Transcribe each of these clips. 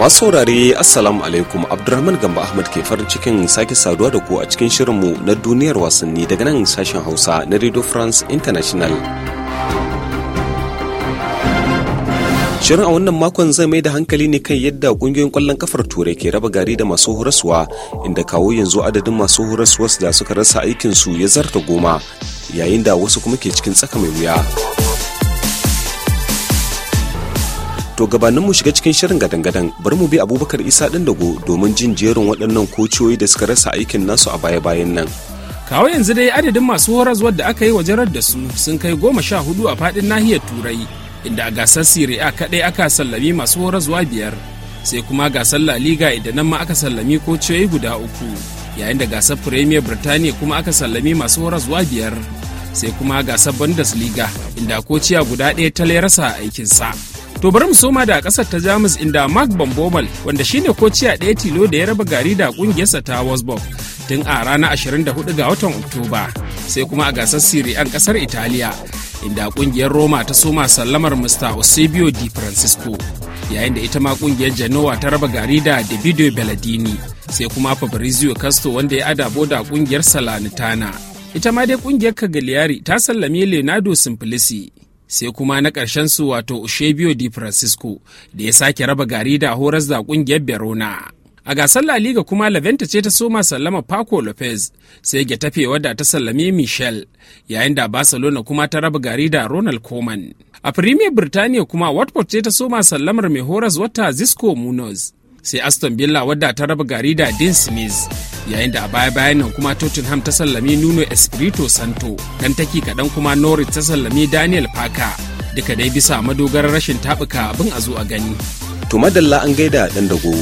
masu saurare assalamu alaikum abdulrahman gamba ahmad ke farin cikin sake saduwa da ku a cikin shirinmu na duniyar wasanni daga nan sashen hausa na radio france international shirin a wannan makon zai mai da hankali ne kan yadda kungiyoyin kwallon kafar turai ke raba gari da masu horaswa inda kawo yanzu adadin masu horaswa da suka rasa aikinsu ya zarta goma yayin da wasu kuma ke cikin tsaka mai wuya To gabanin mu shiga cikin shirin gadan-gadan bari mu bi Abubakar Isa ɗin dago domin jin jerin waɗannan kociyoyi da suka rasa aikin nasu a baya-bayan nan. Kawo yanzu dai adadin masu horazwar da aka yi wa jarar da su sun kai goma sha hudu a faɗin nahiyar Turai inda a gasar Serie A kaɗai aka sallami masu horazwa biyar sai kuma gasar La Liga idan nan ma aka sallami kociyoyi guda uku yayin da gasar Premier Birtaniya kuma aka sallami masu horazwa biyar sai kuma gasar Bundesliga inda kociya guda ɗaya ta rasa aikinsa. To bari mu soma da kasar ta Jamus inda Mark bambobal wanda shine kociya ɗaya tilo da ya raba gari da ƙungiyarsa ta Wolfsburg tun a ranar 24 ga watan Oktoba sai kuma a gasar Serie A kasar Italiya inda ƙungiyar Roma ta soma sallamar Mr. Eusebio Di Francisco yayin da ita ma ƙungiyar Genoa ta raba gari da Davido Belladini sai kuma Fabrizio Castro wanda ya adabo da ƙungiyar Salernitana ita ma dai ƙungiyar Cagliari ta sallame Leonardo Simplici sai kuma na ƙarshen su wato Ushebio Di Francisco da ya sake raba gari da horas da ƙungiyar Verona. A gasar La Liga kuma Laventa ce ta soma sallama Paco Lopez sai Ga tafe wadda ta sallame Michel yayin da Barcelona kuma ta raba gari da Ronald Koeman. A Premier Birtaniya kuma Watford ce ta soma sallamar mai horas wata Zisco Munoz sai aston villa wadda ta raba gari da dean smith yayin da a baya-bayan nan kuma tottenham ta sallami nuno espirito santo dan taki kaɗan kuma norwich ta sallami daniel parker duka dai bisa madogarar rashin tabuka abin a zo a gani to madalla an gaida dan dago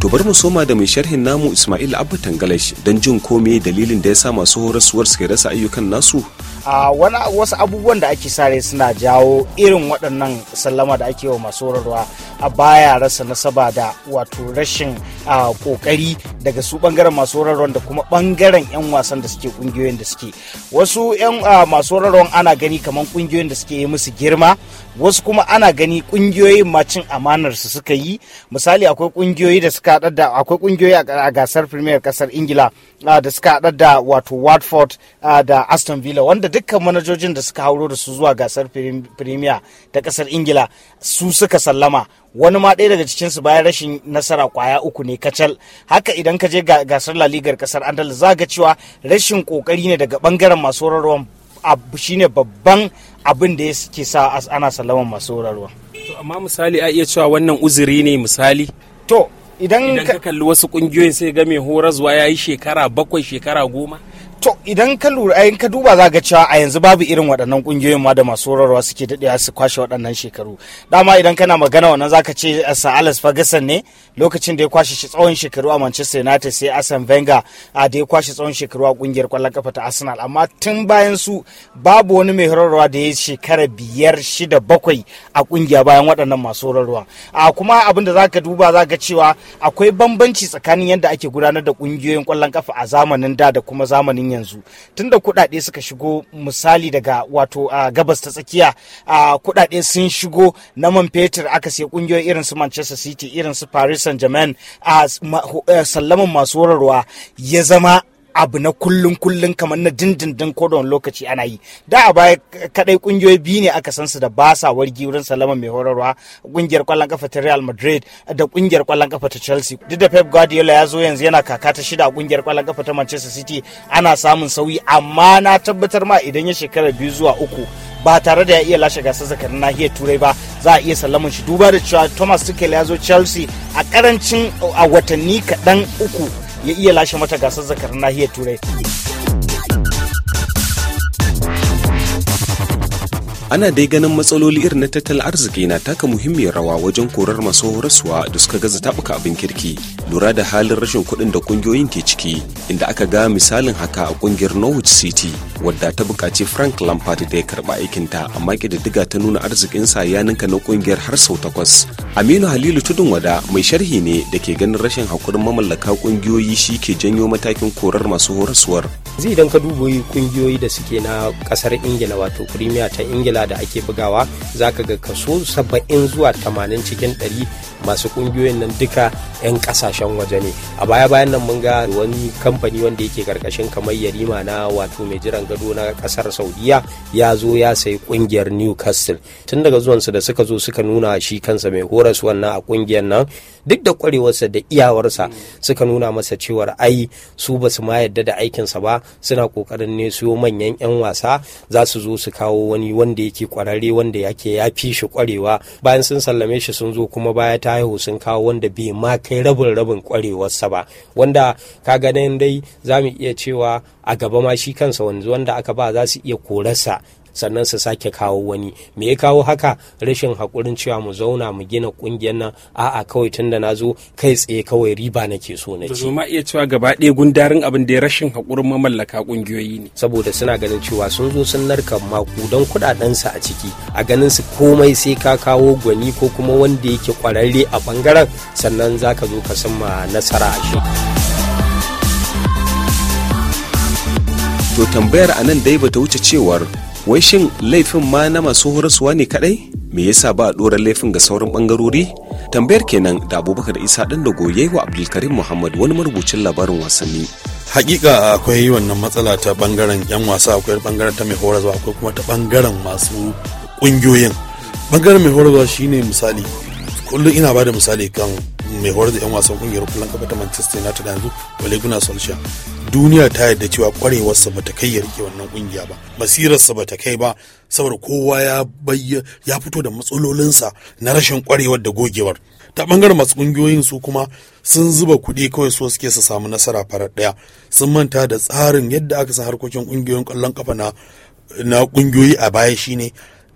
to bar mu soma da mai sharhin namu Ismail Abba Tangalash don jin kome dalilin da ya sa masu horaswar suke rasa ayyukan nasu a wasu abubuwan da ake sare suna jawo irin waɗannan sallama da ake wa masu horarwa a baya rasa nasaba da wato rashin kokari daga su bangaren masu horarwa da kuma bangaren 'yan wasan da suke kungiyoyin da suke wasu 'yan masu horarwa ana gani kamar kungiyoyin da suke yi musu girma wasu kuma ana gani kungiyoyin ma cin amanar su suka yi misali akwai ƙungiyoyi da suka haɗar da akwai kungiyoyi a gasar premier ƙasar ingila da suka haɗar da wato watford da aston villa wanda dukkan manajojin da suka hauro da su zuwa gasar firimiya ta kasar ingila su suka sallama wani ma ɗaya daga cikinsu bayan rashin nasara kwaya uku ne kacal haka idan ka je gasar laligar kasar andal za ga cewa rashin kokari ne daga bangaren masu shi shine babban abin da ke sa ana sallaman masu horarwa to amma misali a iya cewa wannan uzuri ne misali to idan ka kalli wasu kungiyoyin sai ga mai horazwa ya yi shekara bakwai shekara goma to idan ka lura ayin ka duba za ga cewa a yanzu babu irin waɗannan ƙungiyoyin ma da masu horarwa suke daɗewa su kwashe waɗannan shekaru dama idan kana magana wannan zaka ce eh, Sir Alex Ferguson ne lokacin da ya kwashe shi tsawon shekaru a Manchester United sai asan venga a da ya kwashe tsawon shekaru a ƙungiyar ƙwallon kafa ta Arsenal amma tun bayan su babu wani mai horarwa da ya yi shekara biyar shida bakwai a ƙungiya bayan waɗannan masu horarwa a kuma abin da za ka duba za ga cewa akwai bambanci tsakanin yadda ake gudanar da ƙungiyoyin ƙwallon kafa a zamanin da da kuma zamanin yanzu tunda kudade suka shigo misali daga wato a gabas ta tsakiya a kuɗaɗe sun shigo na man fetur aka sai kungiyoyi irin su Manchester City irin su Paris Saint-Germain a eh, sallaman masu horarwa ya zama abu na kullun kullun kamar na dindindin ko da lokaci ana yi da a baya kadai kungiyoyi biyu ne aka san su da ba sa wargi wurin salama mai horarwa kungiyar kwallon kafa ta Real Madrid da kungiyar kwallon kafa ta Chelsea duk da Pep Guardiola ya zo yanzu yana kaka ta shida a kungiyar kwallon kafa ta Manchester City ana samun sauyi amma na tabbatar ma idan ya shekara biyu zuwa uku ba tare da ya iya lashe gasar zakarin nahiyar turai ba za a iya sallaman shi duba da cewa thomas tuchel ya zo chelsea a karancin a watanni kaɗan uku ya iya lashe mata gasar zakarin nahiyar turai ana dai ganin matsaloli irin na tattalin arziki na taka muhimmiyar rawa wajen korar masu horaswa da suka gaza tabuka abin kirki lura da halin rashin kuɗin da ƙungiyoyin ke ciki inda aka ga misalin haka a ƙungiyar norwich city wadda ta buƙaci frank lampard da ya karɓa aikinta amma ƙididdiga ta nuna arzikinsa ya ninka na ƙungiyar har sau takwas aminu halilu tudun wada mai sharhi ne da ke ganin rashin haƙurin mamallaka ƙungiyoyi shi ke janyo matakin korar masu horaswar zai idan ka duba ƙungiyoyi da suke na ƙasar ingila wato premier ta ingila da ake bugawa za ka ga kaso 70 zuwa 80 cikin 100 masu kungiyoyin nan duka 'yan kasashen waje ne a baya bayan nan mun ga wani kamfani wanda yake karkashin kamar yarima na wato mai jiran gado na kasar saudiya ya zo ya sayi kungiyar newcastle tun daga zuwansu da suka zo suka nuna shi kansa mai horas wannan a kungiyar nan duk da kwarewarsa da iyawarsa suka nuna masa cewar ai su ba su ma yadda da aikinsa ba suna kokarin ne siyo manyan 'yan wasa za su zo su kawo wani wanda yake kwararre wanda yake ya fi shi kwarewa bayan sun sallame shi sun zo kuma baya ta haihu sun kawo wanda bai ma kai rabin rabin kwarewarsa ba wanda ka ganin dai za mu iya cewa a gaba ma shi kansa wanda aka ba za su iya korarsa sannan su sake kawo wani me ya kawo haka rashin haƙurin cewa mu zauna mu gina ƙungiyar nan a'a kawai tun da na zo kai tsaye kawai riba nake so na ci. ma iya cewa gaba ɗaya gundarin abin da ya rashin haƙurin mamallaka ƙungiyoyi ne. saboda suna ganin cewa sun zo sun narka maku makudan kuɗaɗensu a ciki a ganin su komai sai ka kawo gwani ko kuma wanda yake ƙwararre a ɓangaren sannan za ka zo ka ma nasara a shi. to tambayar a nan dai bata wuce cewar wai shin laifin ma na masu horaswa ne kadai me yasa ba a ɗora laifin ga sauran bangarori tambayar kenan da abubakar isa ɗan da goye wa abdulkarim muhammad wani marubucin labarin wasanni hakika akwai wannan matsala ta bangaren yan wasa akwai bangaren ta mai horaswa akwai kuma ta bangaren masu kungiyoyin bangaren mai horaswa shine misali kullum ina bada misali kan mai horar da 'yan wasan kungiyar kwallon kafa ta manchester united yanzu ole gunnar solskjaer duniya ta yarda cewa kwarewarsa bata kai ya rike wannan kungiya ba basirarsa bata kai ba saboda kowa ya ya fito da matsalolinsa na rashin kwarewar da gogewar ta bangaren masu kungiyoyin su kuma sun zuba kuɗi kawai so suke su samu nasara farar ɗaya sun manta da tsarin yadda aka sa harkokin kungiyoyin kwallon kafa na na kungiyoyi a baya shine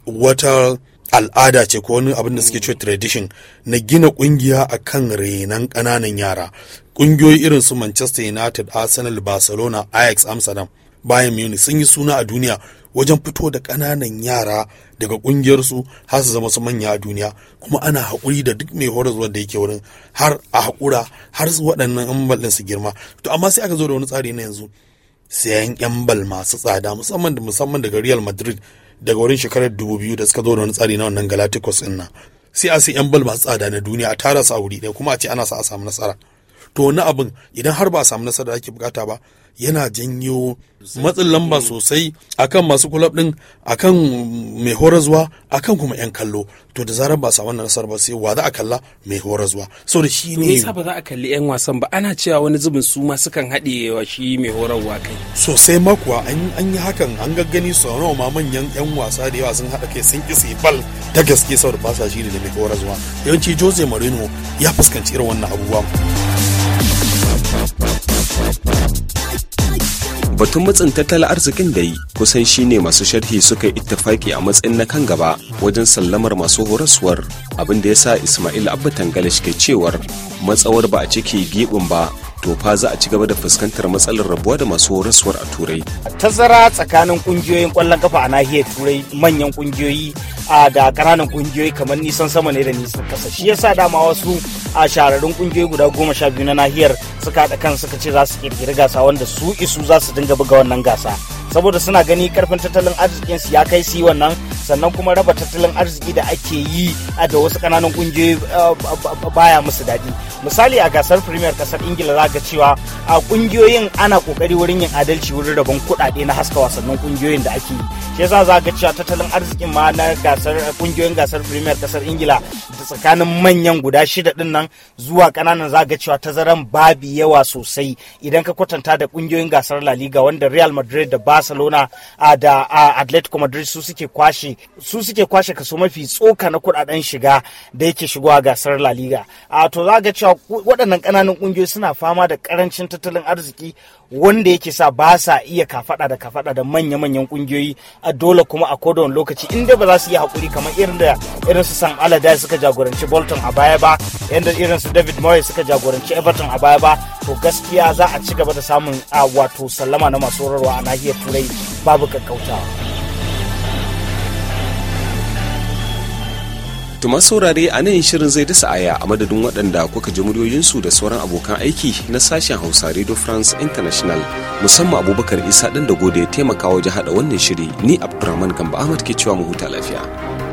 wata al'ada ce ko wani abin da suke cewa tradition na gina kungiya a kan renan ƙananan yara ƙungiyoyi irin su manchester united arsenal barcelona ajax amsterdam bayan munich sun yi suna a duniya wajen fito da ƙananan yara daga ƙungiyarsu har su zama su manya a duniya kuma ana haƙuri da duk mai horar da yake wurin har a haƙura har su waɗannan ambalin su girma to amma sai aka zo da wani tsari na yanzu sayan yan bal masu tsada musamman da musamman daga real madrid daga wurin shekarar biyu da suka zo da wani tsari na wannan galatikos ɗin nan sai a sai yan bal masu tsada na duniya a tara su a wuri ɗaya kuma a ce ana sa a samu nasara to wani abin idan har ba a samu nasara da ake bukata ba yana janyo matsin lamba sosai akan masu kulab din akan mai horazwa akan kuma yan kallo to da zarar ba sa wannan nasar ba sai wa za a kalla mai horazwa so da shi ne ba za a kalli yan wasan ba ana cewa wani zubin su ma sukan haɗe wa shi mai horarwa kai sosai makuwa an yi hakan an gaggani su nawa ma manyan yan wasa da yawa sun haɗa kai sun isa bal ta gaske saboda ba sa shi da mai horazwa yawanci Jose marino ya fuskanci irin wannan abubuwa batun matsin tattalin arzikin da yi kusan shine masu sharhi suka yi ittifaki a matsayin na kan gaba wajen sallamar masu horaswar abin da ya sa ismail abba tangalish ke cewar matsawar ba a cike gibin ba to fa za a ci gaba da fuskantar matsalar rabuwa da masu horaswar a turai tazara tsakanin kungiyoyin kwallon kafa a nahiyar turai manyan kungiyoyi a da kananan kungiyoyi kamar nisan sama ne da nisan kasa shi yasa dama wasu a shahararrun kungiyoyi guda goma sha biyu na nahiyar suka haɗa kan suka ce za su kirkiri gasa wanda su isu za su dinga buga wannan gasa saboda suna gani karfin tattalin arzikinsu ya kai su yi wannan sannan kuma raba tattalin arziki da ake yi da wasu kananan kungiyoyi baya musu daɗi misali a gasar premier kasar ingila za ga cewa a kungiyoyin ana kokari wurin yin adalci wurin rabon kuɗaɗe na haska wasannin kungiyoyin da ake yi shi yasa za ga cewa tattalin arzikin ma na gasar kungiyoyin gasar premier kasar ingila da tsakanin manyan guda shida din nan zuwa kananan za ga cewa tazaran babu yawa sosai idan ka kwatanta da kungiyoyin gasar la liga wanda real madrid da barcelona da atletico madrid su suke kwashe su suke kwashe kaso mafi tsoka na kudaden shiga da yake shigowa gasar La Liga. A to za ga cewa waɗannan ƙananan ƙungiyoyi suna fama da ƙarancin tattalin arziki wanda yake sa ba sa iya kafaɗa da kafaɗa da manya-manyan ƙungiyoyi a dole kuma a kodon lokaci inda ba za su yi hakuri kamar irin da irin su Sam Aladai suka jagoranci Bolton a baya ba, yadda irin su David Moyes suka jagoranci Everton a baya ba, to gaskiya za a ci gaba da samun a wato sallama na masu horarwa a nahiyar Turai babu kakkautawa. Tuma saurare a nan shirin zai dasa aya a madadin waɗanda kuka ji muryoyinsu da sauran abokan aiki na sashen Hausa Radio France International musamman Abubakar Isa ɗan da gode ya taimaka wajen haɗa wannan shiri ni Abdulrahman Gamba Ahmad ke cewa mu huta lafiya.